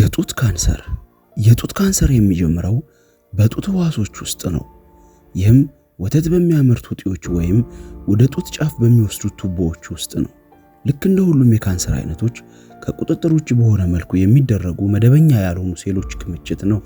የጡት ካንሰር የጡት ካንሰር የሚጀምረው በጡት ህዋሶች ውስጥ ነው። ይህም ወተት በሚያመርቱ እጢዎች ወይም ወደ ጡት ጫፍ በሚወስዱት ቱቦዎች ውስጥ ነው። ልክ እንደ ሁሉም የካንሰር አይነቶች ከቁጥጥር ውጭ በሆነ መልኩ የሚደረጉ መደበኛ ያልሆኑ ሴሎች ክምችት ነው።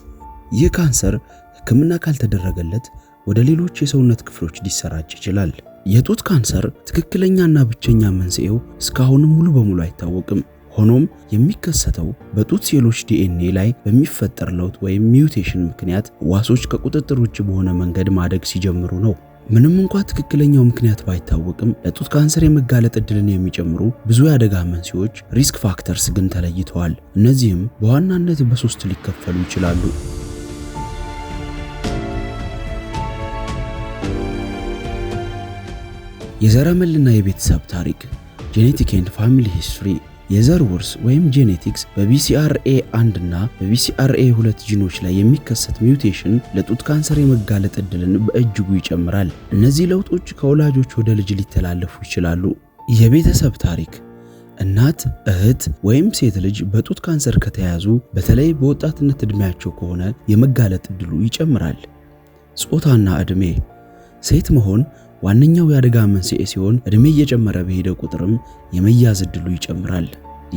ይህ ካንሰር ሕክምና ካልተደረገለት ወደ ሌሎች የሰውነት ክፍሎች ሊሰራጭ ይችላል። የጡት ካንሰር ትክክለኛና ብቸኛ መንስኤው እስካሁንም ሙሉ በሙሉ አይታወቅም። ሆኖም የሚከሰተው በጡት ሴሎች ዲኤንኤ ላይ በሚፈጠር ለውጥ ወይም ሚውቴሽን ምክንያት ዋሶች ከቁጥጥር ውጭ በሆነ መንገድ ማደግ ሲጀምሩ ነው። ምንም እንኳ ትክክለኛው ምክንያት ባይታወቅም ለጡት ካንሰር የመጋለጥ እድልን የሚጨምሩ ብዙ የአደጋ መንስኤዎች ሪስክ ፋክተርስ ግን ተለይተዋል። እነዚህም በዋናነት በሶስት ሊከፈሉ ይችላሉ። የዘረመልና የቤተሰብ ታሪክ ጄኔቲክ ኤንድ ፋሚሊ ሂስትሪ የዘር ውርስ ወይም ጄኔቲክስ በቢሲአርኤ 1 እና በቢሲአርኤ 2 ጂኖች ላይ የሚከሰት ሚውቴሽን ለጡት ካንሰር የመጋለጥ እድልን በእጅጉ ይጨምራል። እነዚህ ለውጦች ከወላጆች ወደ ልጅ ሊተላለፉ ይችላሉ። የቤተሰብ ታሪክ እናት፣ እህት ወይም ሴት ልጅ በጡት ካንሰር ከተያዙ በተለይ በወጣትነት ዕድሜያቸው ከሆነ የመጋለጥ እድሉ ይጨምራል። ጾታና ዕድሜ ሴት መሆን ዋነኛው የአደጋ መንስኤ ሲሆን እድሜ እየጨመረ በሄደ ቁጥርም የመያዝ እድሉ ይጨምራል።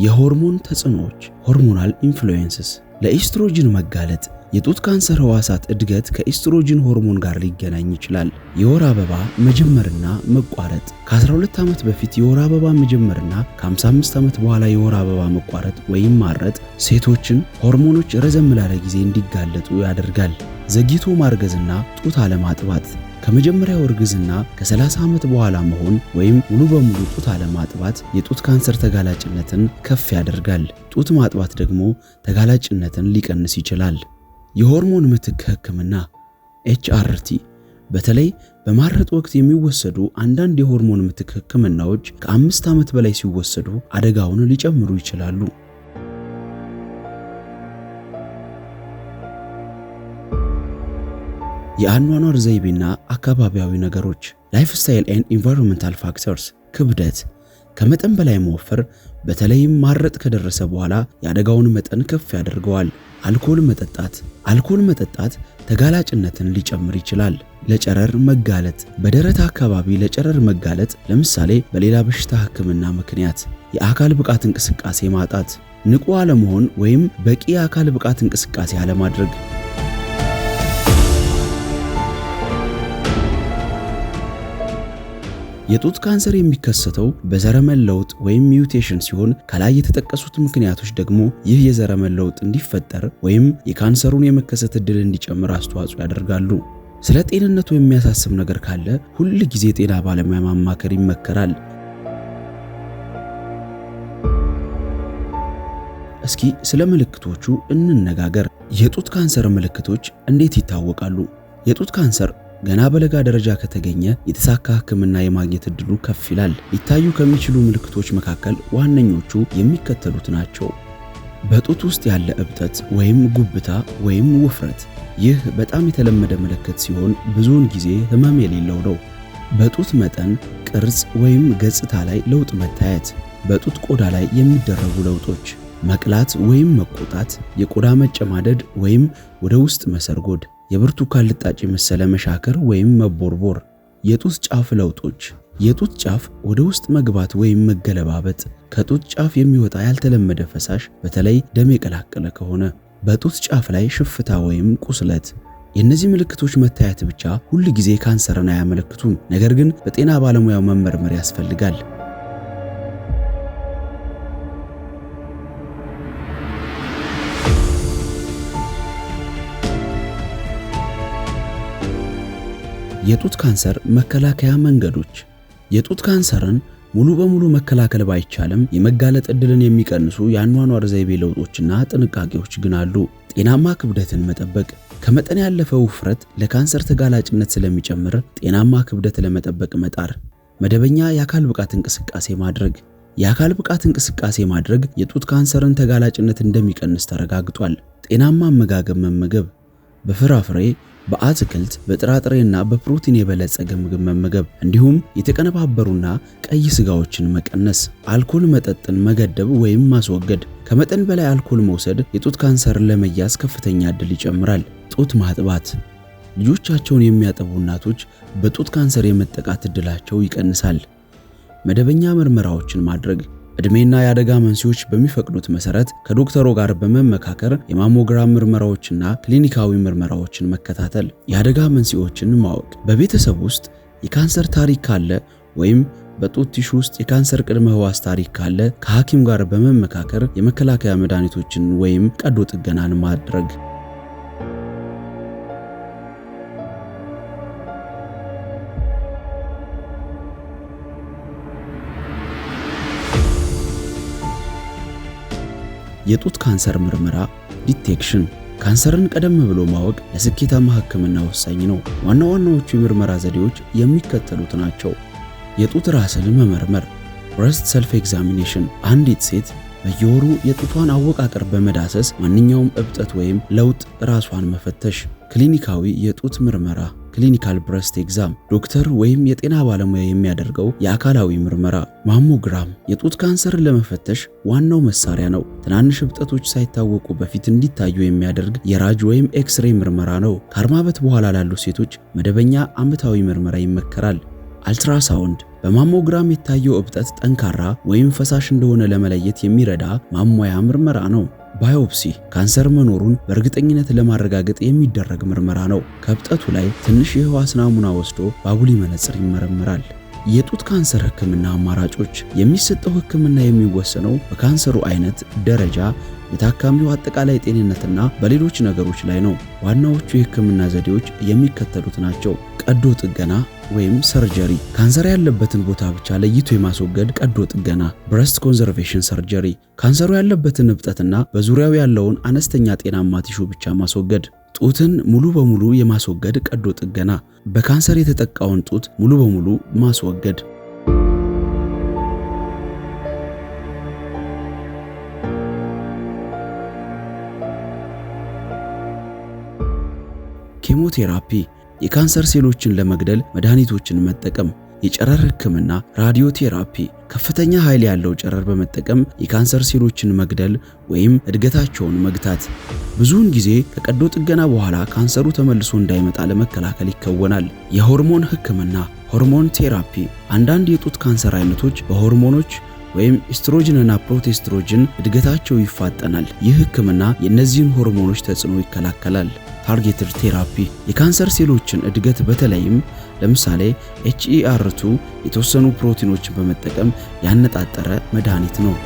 የሆርሞን ተጽዕኖዎች፣ ሆርሞናል ኢንፍሉዌንስስ ለኤስትሮጅን መጋለጥ የጡት ካንሰር ህዋሳት እድገት ከኤስትሮጅን ሆርሞን ጋር ሊገናኝ ይችላል። የወር አበባ መጀመርና መቋረጥ ከ12 ዓመት በፊት የወር አበባ መጀመርና ከ55 ዓመት በኋላ የወር አበባ መቋረጥ ወይም ማረጥ ሴቶችን ሆርሞኖች ረዘም ላለ ጊዜ እንዲጋለጡ ያደርጋል። ዘግይቶ ማርገዝና ጡት አለማጥባት ከመጀመሪያው እርግዝና ከ30 ዓመት በኋላ መሆን ወይም ሙሉ በሙሉ ጡት አለማጥባት የጡት ካንሰር ተጋላጭነትን ከፍ ያደርጋል። ጡት ማጥባት ደግሞ ተጋላጭነትን ሊቀንስ ይችላል። የሆርሞን ምትክ ህክምና ኤችአርቲ በተለይ በማረጥ ወቅት የሚወሰዱ አንዳንድ የሆርሞን ምትክ ህክምናዎች ከአምስት ዓመት በላይ ሲወሰዱ አደጋውን ሊጨምሩ ይችላሉ። የአኗኗር ዘይቤና አካባቢያዊ ነገሮች፣ ላይፍ ስታይል ኤንድ ኢንቫይሮንመንታል ፋክተርስ፣ ክብደት፣ ከመጠን በላይ መወፈር፣ በተለይም ማረጥ ከደረሰ በኋላ የአደጋውን መጠን ከፍ ያደርገዋል። አልኮል መጠጣት፣ አልኮል መጠጣት ተጋላጭነትን ሊጨምር ይችላል። ለጨረር መጋለጥ፣ በደረት አካባቢ ለጨረር መጋለጥ፣ ለምሳሌ በሌላ በሽታ ሕክምና ምክንያት። የአካል ብቃት እንቅስቃሴ ማጣት፣ ንቁ አለመሆን ወይም በቂ የአካል ብቃት እንቅስቃሴ አለማድረግ የጡት ካንሰር የሚከሰተው በዘረመል ለውጥ ወይም ሚውቴሽን ሲሆን ከላይ የተጠቀሱት ምክንያቶች ደግሞ ይህ የዘረመል ለውጥ እንዲፈጠር ወይም የካንሰሩን የመከሰት ዕድል እንዲጨምር አስተዋጽኦ ያደርጋሉ። ስለ ጤንነቱ የሚያሳስብ ነገር ካለ ሁል ጊዜ ጤና ባለሙያ ማማከር ይመከራል። እስኪ ስለ ምልክቶቹ እንነጋገር። የጡት ካንሰር ምልክቶች እንዴት ይታወቃሉ? የጡት ካንሰር ገና በለጋ ደረጃ ከተገኘ የተሳካ ሕክምና የማግኘት እድሉ ከፍ ይላል። ሊታዩ ከሚችሉ ምልክቶች መካከል ዋነኞቹ የሚከተሉት ናቸው። በጡት ውስጥ ያለ እብጠት ወይም ጉብታ ወይም ውፍረት፣ ይህ በጣም የተለመደ ምልክት ሲሆን ብዙውን ጊዜ ህመም የሌለው ነው። በጡት መጠን፣ ቅርጽ ወይም ገጽታ ላይ ለውጥ መታየት፣ በጡት ቆዳ ላይ የሚደረጉ ለውጦች፣ መቅላት ወይም መቆጣት፣ የቆዳ መጨማደድ ወይም ወደ ውስጥ መሰርጎድ የብርቱካን ልጣጭ የመሰለ መሻከር ወይም መቦርቦር፣ የጡት ጫፍ ለውጦች የጡት ጫፍ ወደ ውስጥ መግባት ወይም መገለባበጥ፣ ከጡት ጫፍ የሚወጣ ያልተለመደ ፈሳሽ በተለይ ደም የቀላቀለ ከሆነ፣ በጡት ጫፍ ላይ ሽፍታ ወይም ቁስለት። የእነዚህ ምልክቶች መታየት ብቻ ሁል ጊዜ ካንሰርን አያመለክቱም። ነገር ግን በጤና ባለሙያው መመርመር ያስፈልጋል። የጡት ካንሰር መከላከያ መንገዶች። የጡት ካንሰርን ሙሉ በሙሉ መከላከል ባይቻልም የመጋለጥ እድልን የሚቀንሱ የአኗኗር ዘይቤ ለውጦችና ጥንቃቄዎች ግን አሉ። ጤናማ ክብደትን መጠበቅ። ከመጠን ያለፈ ውፍረት ለካንሰር ተጋላጭነት ስለሚጨምር ጤናማ ክብደት ለመጠበቅ መጣር። መደበኛ የአካል ብቃት እንቅስቃሴ ማድረግ። የአካል ብቃት እንቅስቃሴ ማድረግ የጡት ካንሰርን ተጋላጭነት እንደሚቀንስ ተረጋግጧል። ጤናማ አመጋገብ መመገብ በፍራፍሬ በአትክልት በጥራጥሬና በፕሮቲን የበለጸገ ምግብ መመገብ እንዲሁም የተቀነባበሩና ቀይ ስጋዎችን መቀነስ፣ አልኮል መጠጥን መገደብ ወይም ማስወገድ። ከመጠን በላይ አልኮል መውሰድ የጡት ካንሰርን ለመያዝ ከፍተኛ እድል ይጨምራል። ጡት ማጥባት ልጆቻቸውን የሚያጠቡ እናቶች በጡት ካንሰር የመጠቃት እድላቸው ይቀንሳል። መደበኛ ምርመራዎችን ማድረግ እድሜና የአደጋ መንስኤዎች በሚፈቅዱት መሰረት ከዶክተሩ ጋር በመመካከር የማሞግራም ምርመራዎችና ክሊኒካዊ ምርመራዎችን መከታተል፣ የአደጋ መንስኤዎችን ማወቅ፣ በቤተሰብ ውስጥ የካንሰር ታሪክ ካለ ወይም በጡት ቲሹ ውስጥ የካንሰር ቅድመ ህዋስ ታሪክ ካለ ከሐኪም ጋር በመመካከር የመከላከያ መድኃኒቶችን ወይም ቀዶ ጥገናን ማድረግ የጡት ካንሰር ምርመራ ዲቴክሽን ካንሰርን ቀደም ብሎ ማወቅ ለስኬታማ ሕክምና ወሳኝ ነው። ዋና ዋናዎቹ የምርመራ ዘዴዎች የሚከተሉት ናቸው። የጡት ራስን መመርመር ብረስት ሰልፍ ኤግዛሚኔሽን፣ አንዲት ሴት በየወሩ የጡቷን አወቃቀር በመዳሰስ ማንኛውም እብጠት ወይም ለውጥ ራሷን መፈተሽ። ክሊኒካዊ የጡት ምርመራ ክሊኒካል ብረስት ኤግዛም፣ ዶክተር ወይም የጤና ባለሙያ የሚያደርገው የአካላዊ ምርመራ። ማሞግራም የጡት ካንሰርን ለመፈተሽ ዋናው መሳሪያ ነው። ትናንሽ እብጠቶች ሳይታወቁ በፊት እንዲታዩ የሚያደርግ የራጅ ወይም ኤክስሬይ ምርመራ ነው። ከአርማበት በኋላ ላሉ ሴቶች መደበኛ ዓመታዊ ምርመራ ይመከራል። አልትራሳውንድ በማሞግራም የታየው እብጠት ጠንካራ ወይም ፈሳሽ እንደሆነ ለመለየት የሚረዳ ማሟያ ምርመራ ነው። ባዮፕሲ ካንሰር መኖሩን በእርግጠኝነት ለማረጋገጥ የሚደረግ ምርመራ ነው። ከብጠቱ ላይ ትንሽ የህዋስ ናሙና ወስዶ በአጉሊ መነጽር ይመረምራል። የጡት ካንሰር ህክምና አማራጮች የሚሰጠው ህክምና የሚወሰነው በካንሰሩ አይነት፣ ደረጃ፣ የታካሚው አጠቃላይ ጤንነትና በሌሎች ነገሮች ላይ ነው። ዋናዎቹ የህክምና ዘዴዎች የሚከተሉት ናቸው። ቀዶ ጥገና ወይም ሰርጀሪ፣ ካንሰር ያለበትን ቦታ ብቻ ለይቶ የማስወገድ ቀዶ ጥገና። ብረስት ኮንዘርቬሽን ሰርጀሪ፣ ካንሰሩ ያለበትን እብጠትና በዙሪያው ያለውን አነስተኛ ጤናማ ቲሹ ብቻ ማስወገድ። ጡትን ሙሉ በሙሉ የማስወገድ ቀዶ ጥገና፣ በካንሰር የተጠቃውን ጡት ሙሉ በሙሉ ማስወገድ። ኬሞቴራፒ፣ የካንሰር ሴሎችን ለመግደል መድኃኒቶችን መጠቀም የጨረር ህክምና ራዲዮ ቴራፒ ከፍተኛ ኃይል ያለው ጨረር በመጠቀም የካንሰር ሴሎችን መግደል ወይም እድገታቸውን መግታት። ብዙውን ጊዜ ከቀዶ ጥገና በኋላ ካንሰሩ ተመልሶ እንዳይመጣ ለመከላከል ይከወናል። የሆርሞን ህክምና ሆርሞን ቴራፒ። አንዳንድ የጡት ካንሰር አይነቶች በሆርሞኖች ወይም ኤስትሮጅንና ፕሮቴስትሮጅን እድገታቸው ይፋጠናል። ይህ ህክምና የእነዚህን ሆርሞኖች ተጽዕኖ ይከላከላል። ታርጌትድ ቴራፒ የካንሰር ሴሎችን እድገት በተለይም ለምሳሌ ኤችኢአር 2 የተወሰኑ ፕሮቲኖችን በመጠቀም ያነጣጠረ መድኃኒት ነው።